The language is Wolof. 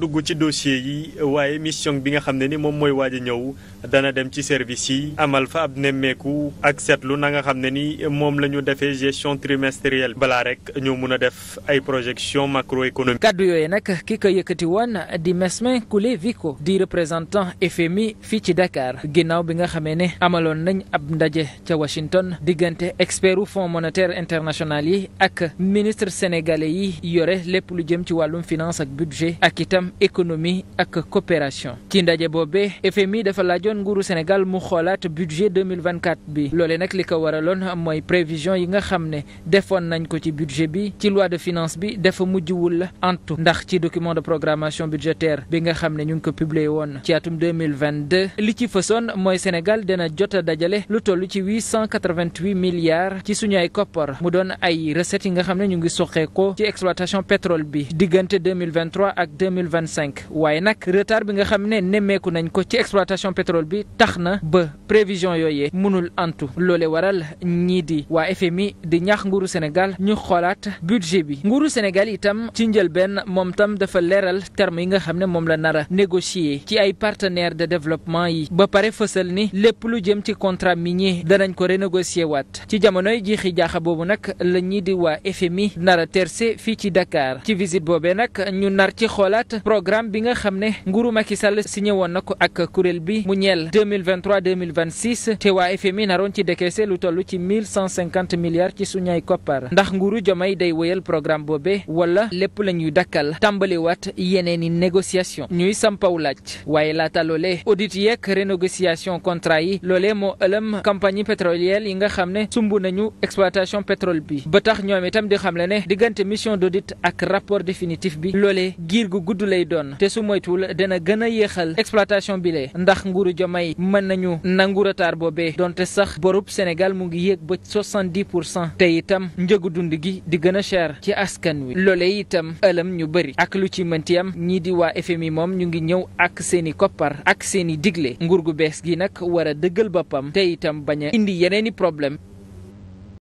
dugg ci dossier yi waaye mission bi nga xam ne ni moom mooy waaj a ñëw dana dem ci service yi amal fa ab nemmeeku ak seetlu na nga xam ne ni moom la ñu defee gestion trimestrielle balaa rek ñoo mun a def ay projection macroéconomique kàddu yooyu nag ki ko yëkkati woon di Mesmin Coulé Vico di représentant FMI fii ci dakaar ginnaaw bi nga xamee ne amaloon nañ ab ndaje ca Washington diggante expertu Fonds monétaire international yi ak ministre sénégalais yi yore lépp jëm ci wàllum am économie ak coopération ci ndaje boobee FMI dafa laajoon nguuru Sénégal mu xoolaat budget 2024 bi loole nag li ko waraloon mooy prévision yi nga xam ne defoon nañ ko ci budget bi ci loi de finance bi dafa mujjwul antu ndax ci document de programmation budgétaire bi nga xam ne ñu ngi ko publié woon ci atum 2022 li ci fësoon mooy Sénégal dina jot a dajale lu toll ci 888 milliards ci suñu ay koppar mu doon ay recettes yi nga xam ne ñu ngi soxee ko ci exploitation pétrole bi 2025 waaye nag retard bi nga xam ne nemmeeku nañ ko ci exploitation pétrole bi tax na ba prévision yooyee mënul antu loole waral ñii di waa FMI di ñaax nguuru Sénégal ñu xoolaat budget bi nguuru Sénégal itam ci benn moom tam dafa leeral terme yi nga xam ne moom la nar a négocier ci ay partenaires de développement yi ba pare fësal ni lépp lu jëm ci contrat minier danañ ko renégocier waat ci jamonoy jiixi jaaxa boobu nag la ñii di waa FMI nar a terse fii ci programme bi nga xam ne nguuru Macky Sall signé woon na ko ak kuréel bi mu ñeel 2023 2026 te waa FMI naroon ci décaissé lu toll ci 1150 milliards ci suñu ay koppar ndax nguuru Diomaye day wéyal programme boobee wala lépp la ñuy dakkal tàmbaliwaat yeneen i négociation ñuy sampaw laaj waaye laata loolee audit yeeg renégociation contrat yi loolee moo ëlëm compagnie pétrolière yi nga xam ne sumb nañu exploitation pétrole bi ba tax ñoom itam di xamle ne diggante mission d'audit lay doon te su moytuwul dana gën a yéexal exploitation bi lee ndax nguuru Diomaye mën nañu nangu retard boobee donte sax borub Sénégal mu ngi yéeg ba soixante-dix pour cent te itam njëgu dund gi di gën a cher ci askan wi loole itam ëlëm ñu bëri ak lu ci mënti am ñii di waa FMI moom ñu ngi ñëw ak seeni koppar ak seeni digle nguur gu bees gi nag war a dëggal boppam te itam bañ indi yeneeni problème